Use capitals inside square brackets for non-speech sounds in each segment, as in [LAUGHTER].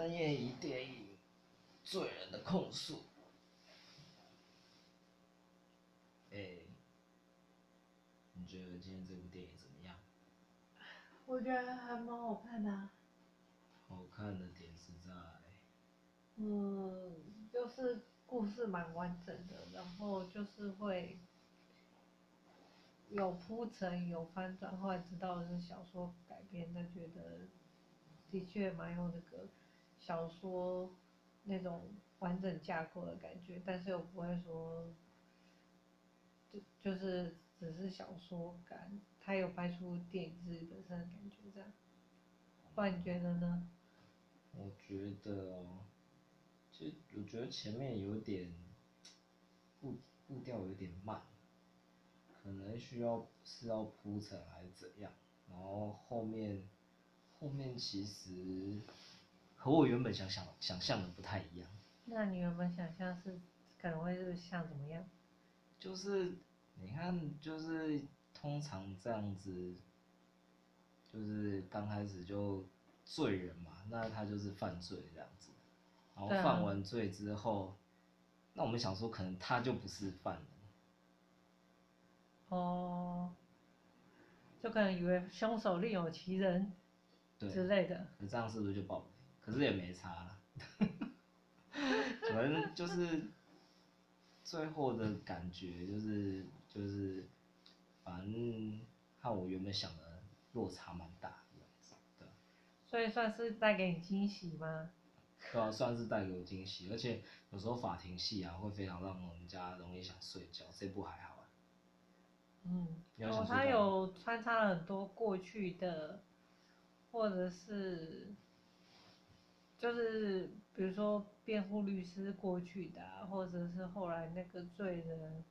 深夜一電影《罪人的控訴》欸，哎，你覺得今天這部電影怎麼樣？我覺得還蠻好看的，啊。好看的點是在，嗯，就是故事蠻完整的，然後就是會有鋪陳、有翻轉，後來知道是小說改編，那覺得的確蠻有那個。小說那種完整架構的感覺，但是又不會說就，就就是只是小說感，它有拍出電影自己本身的感覺這樣，不然你覺得呢？我覺得、喔，其實我覺得前面有點步步調有點慢，可能需要是要鋪陳還是怎樣，然後後面後面其實。和我原本想想想象的不太一樣。那你原本想象是，可能會是像怎麼樣？就是，你看，就是通常這樣子，就是剛開始就罪人嘛，那他就是犯罪這樣子。然後犯完罪之後，啊、那我們想說，可能他就不是犯人。哦。就可能以為兇手另有其人，之類的。那這樣是不是就爆？可是也沒差了，反正 [LAUGHS] 就是最後的感覺就是就是，反正和我原本想的落差蠻大，對。所以算是帶給你驚喜嗎？對啊，算是帶給我驚喜，而且有時候法庭戲啊會非常讓人家容易想睡覺，這部還好啊。嗯，你要想、哦。他有穿插了很多過去的，或者是。就是比如說辯護律師過去的，啊，或者是後來那個罪人，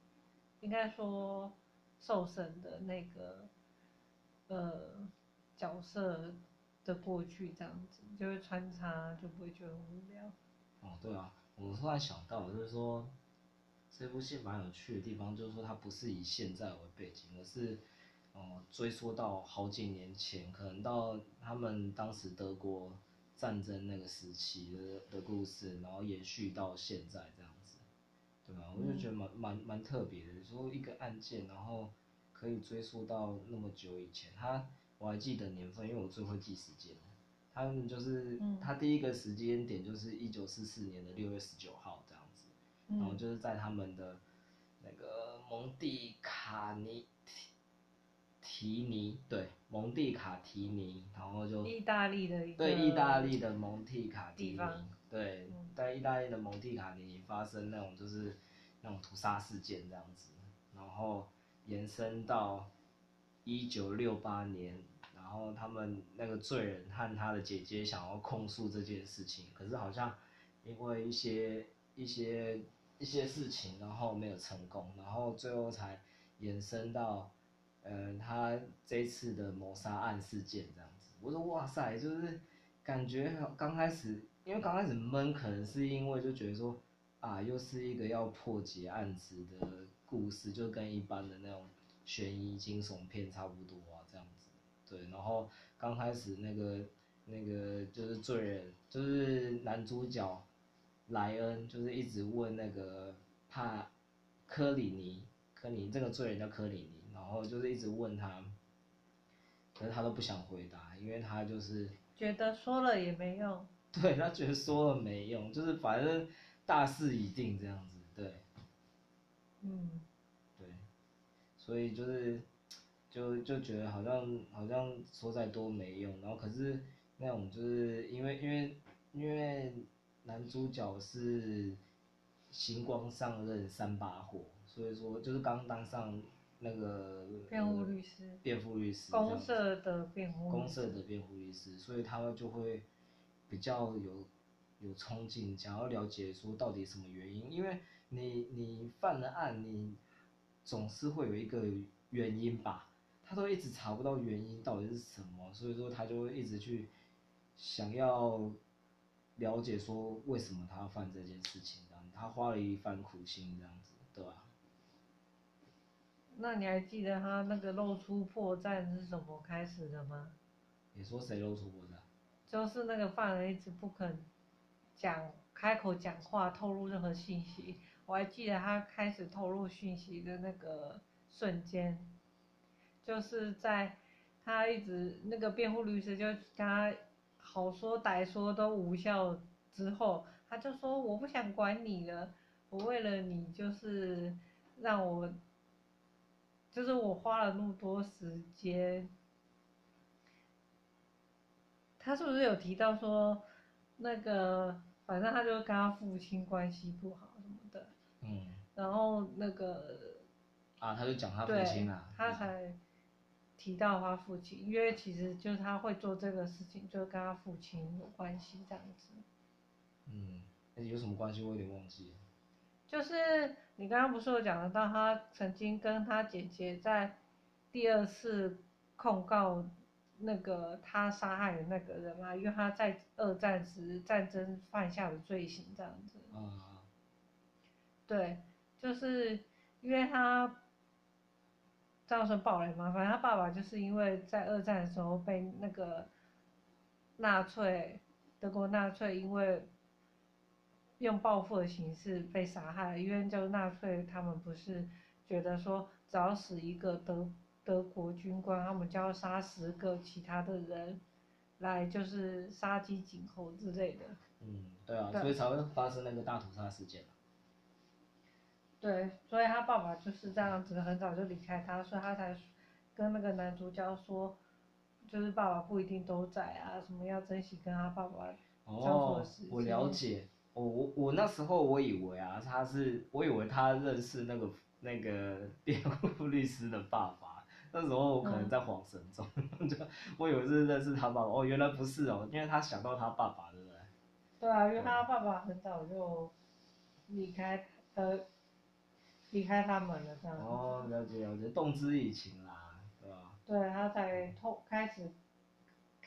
應該說受審的那個，呃，角色的過去這樣子，就會穿插，就不會覺得無聊。哦，對啊，我突然想到，就是說這部戲蠻有趣的地方，就是說它不是以現在為背景，而是哦，嗯，追溯到好幾年前，可能到他們當時德國。戰爭那個時期的的故事，然後延續到現在這樣子，對吧？我就覺得蠻蠻蠻特別的，就是、說一個案件，然後可以追溯到那麼久以前。他我還記得年份，因為我最會記時間。他們就是，他第一個時間點就是一九四四年的六月十九號這樣子，然後就是在他們的那個蒙蒂卡尼。提尼對蒙蒂卡提尼，然後就意大利的一個對意大利的蒙蒂卡提尼，方對、嗯、在意大利的蒙蒂卡提尼發生那種就是那種屠殺事件這樣子，然後延伸到一九六八年，然後他們那個罪人和他的姐姐想要控訴這件事情，可是好像因為一些一些一些事情，然後沒有成功，然後最後才延伸到。嗯，他這次的謀殺案事件這樣子，我說哇塞，就是感覺剛開始，因為剛開始悶，可能是因為就覺得說啊，又是一個要破解案子的故事，就跟一般的那種懸疑驚悚片差不多啊，這樣子。對，然後剛開始那個那個就是罪人，就是男主角萊恩，就是一直問那個帕柯里尼，柯里尼，這個罪人叫柯里尼。然後就是一直問他，可是他都不想回答，因為他就是覺得說了也沒用。對，他覺得說了沒用，就是反正大勢已定這樣子，對。嗯。對，所以就是就就覺得好像好像說再多沒用，然後可是那種就是因為因為因為男主角是新官上任三把火，所以說就是剛剛當上。那個辯護律師，辯護律師，公設的辯護，公設的辯護律師，所以他們就會比較有有衝勁，想要了解說到底什麼原因，因為你你犯了案，你總是會有一個原因吧，他都一直查不到原因到底是什麼，所以說他就會一直去想要了解說為什麼他要犯這件事情，他花了一番苦心這樣子，對吧、啊？那你還記得他那個露出破綻是怎麼開始的嗎？你說誰露出破綻，啊？就是那個犯人一直不肯講開口講話，透露任何信息。我還記得他開始透露信息的那個瞬間，就是在他一直那個辯護律師就跟他好說歹說都無效之後，他就說我不想管你了，我為了你就是讓我。就是我花了那麼多時間。他是不是有提到說，那個反正他就是跟他父親關係不好什麼的。嗯。然後那個。啊，他就講他父親了、啊。對。他才提到他父親，嗯、因為其實就是他會做這個事情，就是跟他父親有關係這樣子。嗯、欸，有什麼關係？我有點忘記。就是你剛剛不是有講到，他曾經跟他姐姐在第二次控告那個他殺害的那個人嘛？因為他在二戰時戰爭犯下的罪行這樣子。啊、嗯。嗯嗯嗯、對，就是因為他這樣說爆雷嘛，反正他爸爸就是因為在二戰的時候被那個納粹德國納粹因為。用報復的形式被殺害，因為就納粹，他們不是覺得說，只要死一個德德國軍官，他們就要殺十個其他的人，來就是殺雞儆猴之類的。嗯，對啊，所以才會發生那個大屠殺事件對。對，所以他爸爸就是這樣子，很早就離開他，所以他才跟那個男主角說，就是爸爸不一定都在啊，什麼要珍惜跟他爸爸相處的時間。哦，我了解。我我那時候我以為啊，他是我以為他認識那個那個辯護律師的爸爸。那時候我可能在恍神中，嗯、 [LAUGHS] 我以為是認識他爸爸。哦，原來不是哦、喔，因為他想到他爸爸，對不對？對啊，因為他爸爸很早就離開對呃，離開他們了，這樣。哦，了解了解，動之以情啦，對吧、啊？對，他才透開始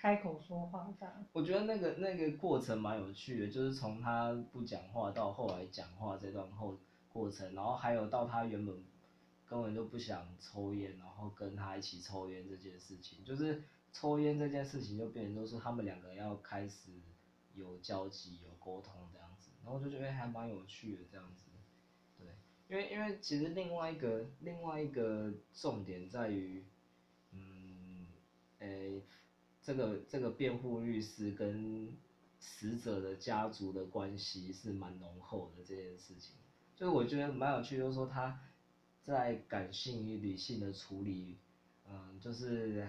開口說話這樣。我覺得那個那個過程蠻有趣的，就是從他不講話到後來講話這段後過程，然後還有到他原本根本就不想抽煙，然後跟他一起抽煙這件事情，就是抽煙這件事情就變成就是他們兩個要開始有交集、有溝通這樣子，然後就覺得還蠻有趣的這樣子，對，因為因為其實另外一個另外一個重點在於，嗯，誒，欸。這個這個辯護律師跟死者的家族的關係是蠻濃厚的這件事情，所以我覺得蠻有趣，就是說他在感性與理性的處理，嗯，就是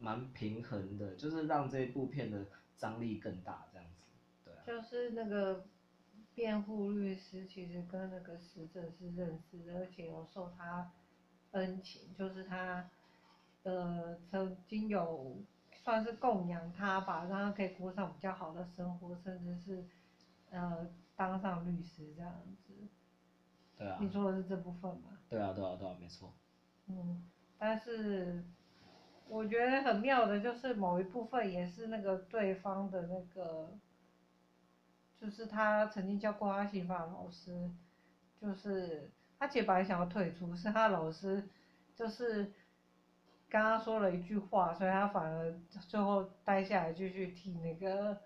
蠻平衡的，就是讓這部片的張力更大這樣子，對啊。就是那個辯護律師其實跟那個死者是認識的，而且有受他恩情，就是他呃曾經有。算是供養他吧，讓他可以過上比較好的生活，甚至是，呃，當上律師這樣子。對啊。你說的是這部分嗎？對啊對啊對啊，沒錯。嗯，但是，我覺得很妙的就是某一部分也是那個對方的那個，就是他曾經教過他刑法老師，就是他其實本來想要退出，是他老師，就是。剛剛說了一句話，所以他反而最後待下來就去替那個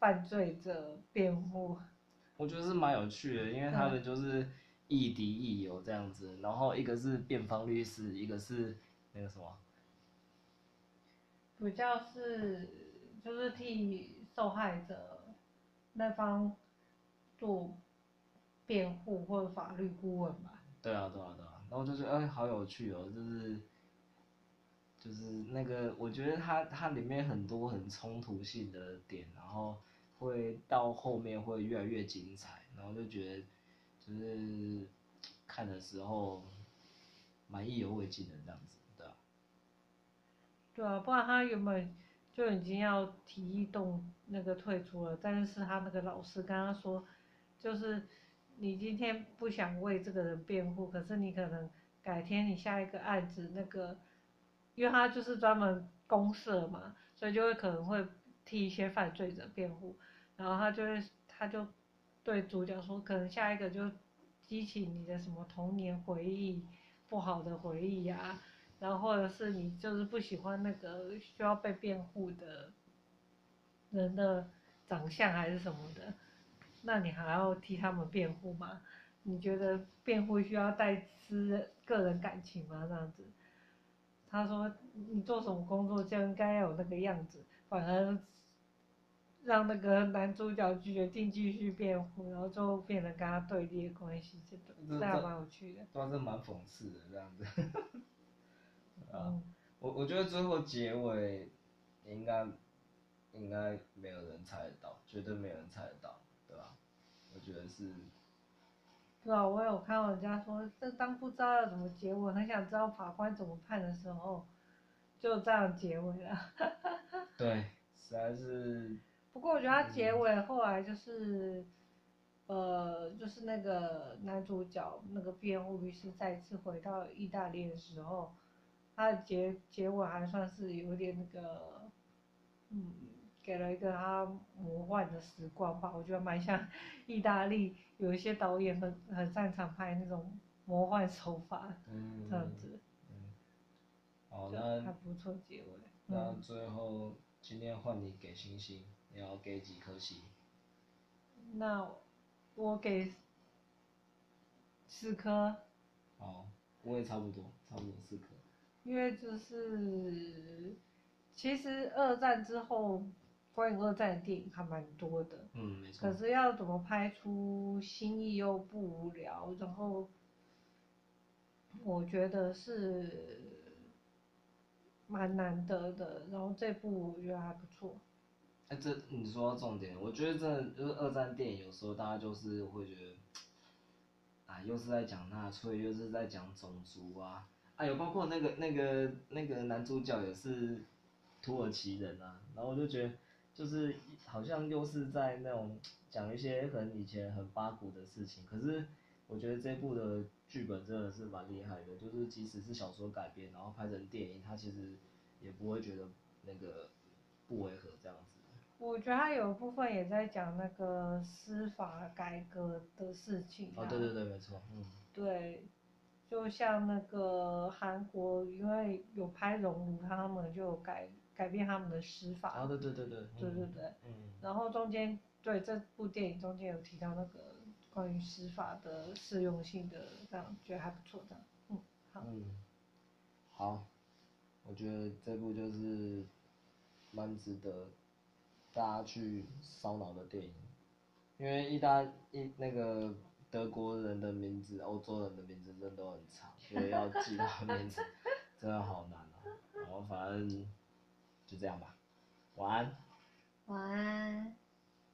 犯罪者辯護。我覺得是蠻有趣的，因為他們就是亦敵亦友這樣子，嗯、然後一個是辯方律師，一個是那個什麼，比較是就是替受害者那方做辯護或者法律顧問吧。對啊，對啊，對啊，然後就覺得，哎，好有趣哦，就是。就是那個，我覺得它它裡面很多很衝突性的點，然後會到後面會越來越精彩，然後就覺得就是看的時候蠻意猶未盡的這樣子，對啊對啊，不然他原本就已經要提議動那個退出了，但是他那個老師跟他說，就是你今天不想為這個人辯護，可是你可能改天你下一個案子那個。因為他就是專門公設嘛，所以就會可能會替一些犯罪者辯護，然後他就會他就對主角說，可能下一個就激起你的什麼童年回憶，不好的回憶啊，然後或者是你就是不喜歡那個需要被辯護的人的長相還是什麼的，那你還要替他們辯護嗎？你覺得辯護需要帶私人個人感情嗎？這樣子？他說：“你做什麼工作就應該要有那個樣子，反而讓那個男主角決定繼續辯護，然後就變得跟他對立的關係，這個，這還蠻有趣的。這”這還是蠻諷刺的這樣子， [LAUGHS] [LAUGHS] 嗯。啊，我我覺得最後結尾應該應該沒有人猜得到，絕對沒有人猜得到，對吧？我覺得是。是啊，我有看到人家說這當不知道要怎麼結尾，很想知道法官怎麼判的時候，就這樣結尾了。 [LAUGHS] 對，實在是。不過我覺得他結尾後來就是，嗯、呃，就是那個男主角那個辯護律師再次回到意大利的時候，他的結結尾還算是有點那個。給了一個他魔幻的時光吧，我覺得蠻像意大利，有一些導演很很擅長拍那種魔幻手法，這樣子。嗯，哦、嗯，嗯、好對那還不錯結尾。那最後、嗯、今天換你給星星，你要給幾顆星？那我給四顆。好，我也差不多，差不多四顆。因為就是其實二戰之後。關於二戰的電影還蠻多的，嗯，沒錯。可是要怎麼拍出新意又不無聊？然後我覺得是蠻難得的。然後這部我覺得還不錯。哎，這你說重點，我覺得這就是二戰電影，有時候大家就是會覺得，啊又是在講納粹，又是在講種族啊，哎，有包括那個那個那個男主角也是土耳其人啊，然後我就覺得。就是好像又是在那種講一些可能以前很八股的事情，可是我覺得這部的劇本真的是蠻厲害的，就是即使是小說改編，然後拍成電影，它其實也不會覺得那個不違和這樣子。我覺得他有部分也在講那個司法改革的事情啊。哦，對對對，沒錯，嗯。對，就像那個韓國，因為有拍《熔爐》，他們就有改。改變他們的施法。啊、對對對對對對，然後中間，對這部電影中間有提到那個關於施法的適用性的這樣，覺得還不錯的，嗯好。嗯，好，我覺得這部就是蠻值得大家去燒腦的電影，因為意大一,一那個德國人的名字，歐洲人的名字真的都很長，所以要記他的名字真的好難啊， [LAUGHS] 然後反正。就這樣吧，晚安。晚安。